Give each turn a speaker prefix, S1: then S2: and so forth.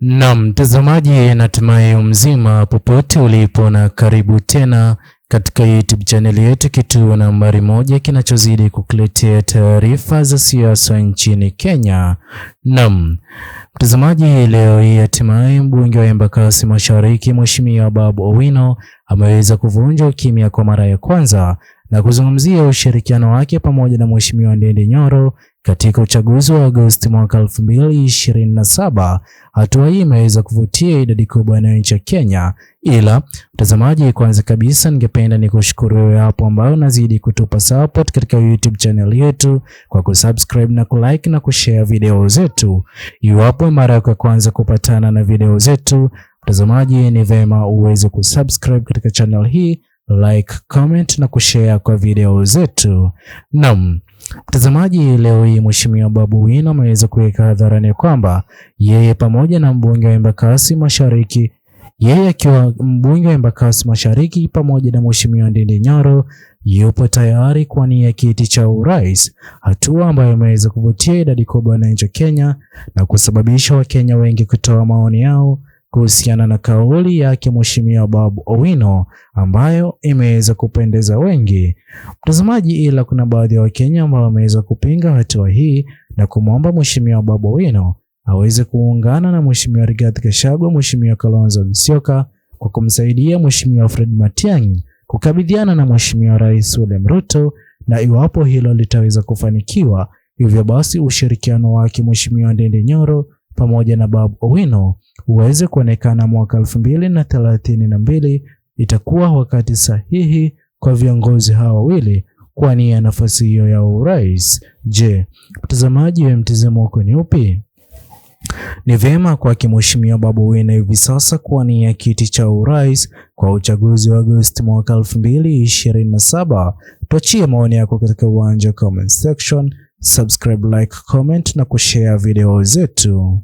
S1: Na mtazamaji, natumai mzima popote ulipo, na karibu tena katika YouTube chaneli yetu, kituo nambari moja kinachozidi kukuletea taarifa za siasa nchini Kenya. Naam mtazamaji, leo hii hatimaye mbunge wa Embakasi Mashariki Mheshimiwa Babu Owino ameweza kuvunja ukimya kwa mara ya kwanza na kuzungumzia ushirikiano wake pamoja na Mheshimiwa Ndindi Nyoro katika uchaguzi wa Agosti mwaka 2027. Hatua hii imeweza kuvutia idadi kubwa ya wananchi wa Kenya. Ila mtazamaji, kwanza kabisa, ningependa nikushukuru wewe hapo ambao unazidi kutupa support katika YouTube channel yetu kwa kusubscribe na kulike na kushare video zetu. Iwapo mara yako ya kwanza kupatana na video zetu, mtazamaji, ni vema uweze kusubscribe katika channel hii like, comment na kushare kwa video zetu. Naam mtazamaji, leo hii Mheshimiwa Babu Wina ameweza kuweka hadharani kwamba yeye pamoja na mbunge wa Embakasi Mashariki yeye akiwa mbunge wa Embakasi Mashariki pamoja na Mheshimiwa Ndindi Nyaro yupo tayari kwa nia kiti cha urais, hatua ambayo imeweza kuvutia idadi kubwa ya wananchi wa Kenya na kusababisha Wakenya wengi kutoa maoni yao kuhusiana na kauli yake Mheshimiwa Babu Owino ambayo imeweza kupendeza wengi mtazamaji, ila kuna baadhi ya Wakenya ambao wameweza kupinga hatua hii na kumwomba Mheshimiwa Babu Owino aweze kuungana na Mheshimiwa Rigathi Gachagua, Mheshimiwa Kalonzo Musyoka kwa kumsaidia Mheshimiwa Fred Matiang'i kukabidhiana na Mheshimiwa Rais William Ruto, na iwapo hilo litaweza kufanikiwa, hivyo basi ushirikiano wake Mheshimiwa Ndindi Nyoro pamoja na Bob Owino uweze kuonekana mwaka elfu mbili na thelathini na mbili itakuwa wakati sahihi kwa viongozi hawa wawili kuwania nafasi hiyo ya urais. Je, mtazamaji wa mtizamo wako ni upi? Ni vyema kwake Mheshimiwa Bob Owino hivi sasa kuwania kiti cha urais kwa uchaguzi wa Agosti mwaka 2027. Tuachie maoni yako katika uwanja wa comment section, subscribe, like, comment na kushare video zetu.